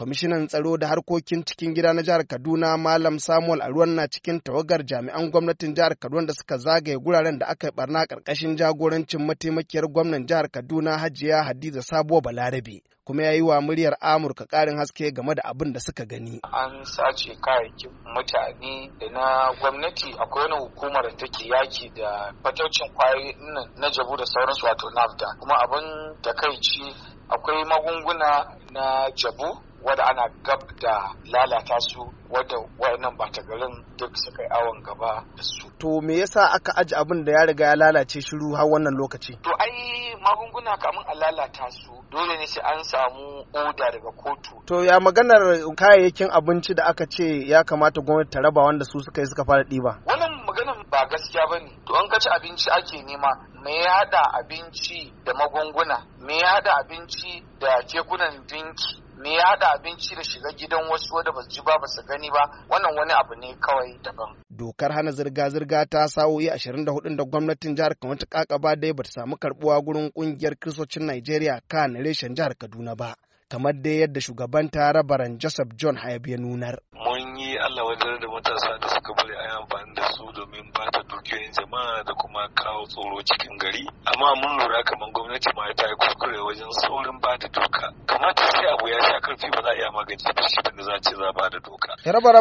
kwamishinan tsaro da harkokin cikin gida na jihar kaduna malam samuel aruwan na cikin tawagar jami'an gwamnatin jihar kaduna da suka zagaye guraren da aka yi barna karkashin jagorancin mataimakiyar gwamnan jihar kaduna hajiya hadiza sabuwa balarabe kuma ya yi wa muryar amurka karin haske game da abin da suka gani an sace kayayyakin mutane da na gwamnati akwai wani hukumar da take yaki da fatocin kwayoyi na jabu da sauransu wato nafda kuma abin takaici akwai magunguna na jabu wadda ana gab da lalata su wadda wayannan bata garin duk suka yi awon gaba da su. To me yasa aka aji abin da ya riga ya lalace shiru har wannan lokaci? To ai magunguna kamun a lalata su dole ne sai an samu oda daga kotu. To ya maganar kayayyakin abinci da aka ce ya kamata gwamnati ta raba wanda su suka yi suka fara ɗiba. Wannan maganar ba gaskiya bane, To an kaci abinci ake nema me ya haɗa abinci da magunguna me ya haɗa abinci da kekunan dinki me ya haɗa abinci da shiga gidan wasu wadda ba ji ba ba su gani ba wannan wani abu ne kawai daban. Dokar hana zirga-zirga ta sa'o'i ashirin da da gwamnatin jihar Kano ta kakaba dai bata samu karbuwa gurin kungiyar Kiristocin Najeriya kan reshen jihar Kaduna ba. kamar dai yadda shugaban ta rabaran Joseph John Hayab ya nunar. Mun yi Allah wajen da matasa da suka bari a amfani da su domin ba ta dukiyoyin jama'a da kuma kawo tsoro cikin gari. Amma mun lura kamar gwamnati ma ta yi kuskure wajen saurin ba da doka kamata sai abu ya sha karfi ba za a iya magance da shi da za a ce za ba da doka.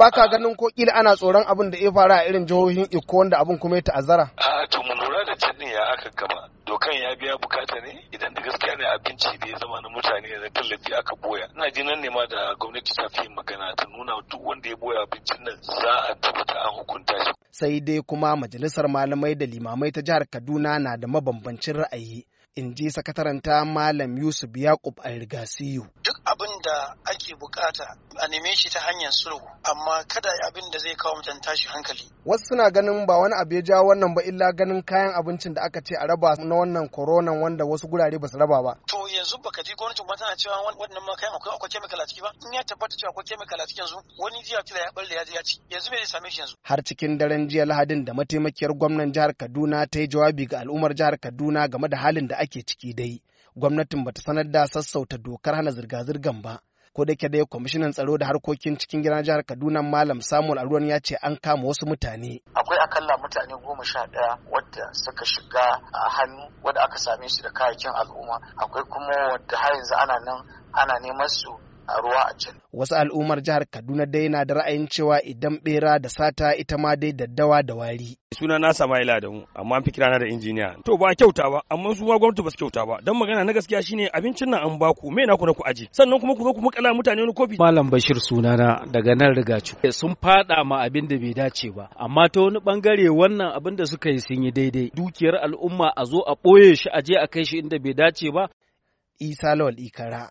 ba ka ganin ko ƙila ana tsoron abin da ya faru a irin jihohin Iko wanda abin kuma ya ta'azzara. A'a to mu lura da can ya aka gaba dokan ya biya bukata ne idan da gaskiya ne abinci da ya zama na mutane da tallafi aka boya. Ina ji nan ne ma da gwamnati ta fi magana ta nuna duk wanda ya boya abincin nan za a tabbata an hukunta shi. Sai dai kuma majalisar malamai da limamai ta jihar Kaduna na da mabambancin ra'ayi in ji sakataranta Malam Yusuf Yakub Algasiyu. abin da ake bukata a neme shi ta hanyar sulhu amma kada abin da zai kawo mutan tashi hankali wasu suna ganin ba wani abu ya jawo wannan ba illa ganin kayan abincin da aka ce a raba na wannan koronan wanda wasu gurare ba su raba ba to yanzu baka ji gwamnatin ba tana cewa wannan ma kayan akwai akwai kemikal a ciki ba in ya tabbata cewa akwai kemikal a cikin su wani jiya tira ya balle ya je ya ci yanzu me zai same shi yanzu har cikin daren jiya Lahadin da mataimakiyar gwamnan jihar Kaduna ta yi jawabi ga al'ummar jihar Kaduna game da halin da ake ciki dai gwamnatin bata sanar da sassauta dokar hana zirga-zirgan ba ko da dai kwamishinan tsaro da harkokin cikin gidan jihar kaduna malam samuel aruwan ya ce an kama wasu mutane akwai akalla mutane goma sha ɗaya wadda suka shiga a hannu wadda aka same su da kayayyakin al'umma akwai kuma wadda har yanzu ana nan ana neman su a ruwa a can. Wasu al'ummar jihar Kaduna dai na da ra'ayin cewa idan bera da sata ita ma dai daddawa da wari. Suna na ila da mu amma an fi kirana da injiniya. To ba kyauta ba amma su ma gwamnati ba su kyauta ba dan magana na gaskiya shine abincin nan an baku me na ku na ku aji sannan kuma ku zo ku makala mutane wani kofi. Malam Bashir sunana daga nan riga rigacu. Sun fada ma abin da bai dace ba amma ta wani bangare wannan abin da suka yi sun yi daidai dukiyar al'umma a zo a ɓoye shi a je a kai shi inda bai dace ba. Isa Lawal Ikara